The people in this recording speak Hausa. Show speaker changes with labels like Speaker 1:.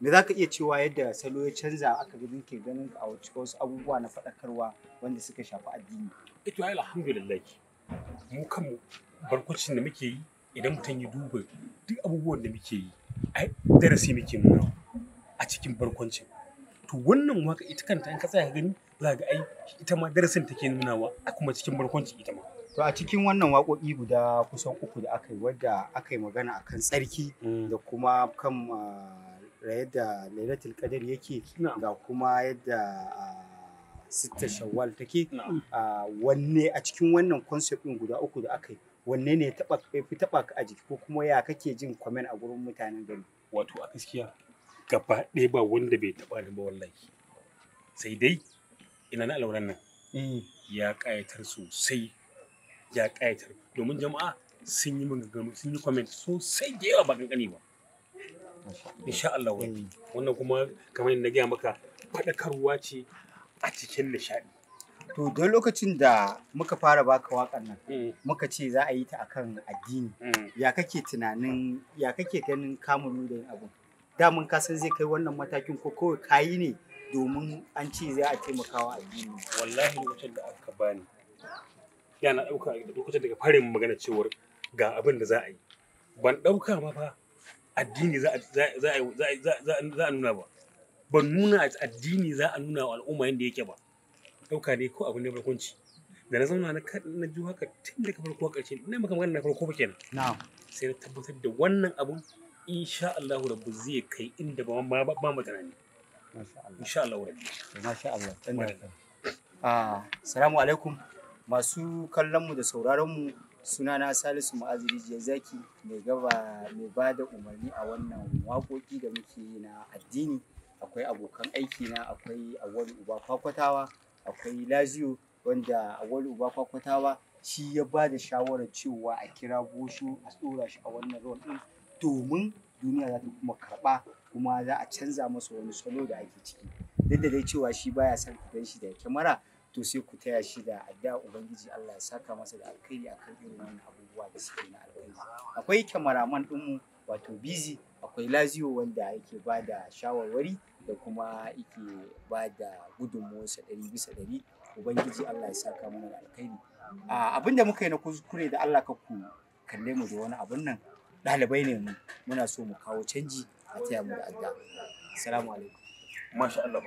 Speaker 1: me za ka iya cewa yadda salo ya canza aka ga ke ganin a wasu abubuwa na faɗakarwa
Speaker 2: wanda suka shafi addini ito ai alhamdulillah mu kan barkwacin da muke yi idan mutum ya duba duk abubuwan da muke yi ai darasi muke nuna a cikin barkwancin to wannan waka ita kanta in ka tsaya gani za ga ai ita ma darasin take nunawa a kuma cikin barkwancin ita ma To a cikin wannan waƙoƙi guda
Speaker 1: kusan uku da aka yi wadda aka yi magana akan tsarki mm. da kuma kan ah, yadda lailatul qadar yake ga kuma yadda ah, sitta shawwal take ah, wanne a cikin wannan concept din guda uku da aka yi wanne ne taba fi taba ka a jiki ko kuma ya kake jin comment a gurin mutanen gari wato a gaskiya
Speaker 2: gaba ɗaya ba wanda bai taba ni ba wallahi sai dai ina na alwaran nan mm. ya kayatar sosai ya kayatar domin jama'a sun yi maganganu sun yi comment sosai da yawa ba kankani ba insha Allah mm. wannan kuma kamar yadda na gaya maka faɗakarwa ce a cikin nishaɗi
Speaker 1: to don lokacin da muka fara baka
Speaker 2: wakan nan mm. muka ce za a yi ta akan
Speaker 1: addini mm. ya kake tunanin ya kake ganin kamun da yin abun mun ka san zai kai wannan matakin ko kawai kayi ne domin an ce za a taimakawa addini
Speaker 2: wallahi lokacin da aka bani yana ɗauka lokacin daga farin magana cewar ga abin da za a yi ban ɗauka ma fa addini za a nuna ba ba nuna addini za a nuna wa al'umma yadda yake ba ɗauka ne ko abu ne barkwanci da na zauna na ji haka tun daga farko ƙarshe na maka magana na farko ba kenan sai na tabbatar da wannan abun insha Allah rabbu zai kai inda ba ma ba mu tunani insha Allah rabbu
Speaker 1: masha Allah dan ah assalamu alaikum masu kallon mu da sauraron mu sunana salisu ma'aziri jiya zaki mai gaba mai ba da umarni a wannan waƙoƙi da muke yi na addini akwai abokan aiki na akwai awali uba kwakwatawa akwai laziyo wanda awali uba kwakwatawa shi ya ba da shawarar cewa a kira goshu a tsora shi a wannan ruwan ɗin domin duniya za ta kuma karɓa kuma za a canza masa wani salo da ake ciki duk da dai cewa shi baya son fitan shi da kyamara to sai ku taya shi da addu'a ubangiji Allah ya saka masa da alkhairi akan irin wannan abubuwa da suke na alkhairi akwai kamaraman ɗinmu wato busy akwai laziyo wanda yake ba da shawarwari da kuma yake ba da gudunmuwarsa ɗari bisa ɗari ubangiji Allah ya saka mana da alkhairi abin da muka yi na kuskure da Allah ka ku kalle mu da wani abin nan ɗalibai ne mu muna so mu kawo canji a taya mu da adda assalamu alaikum masha Allah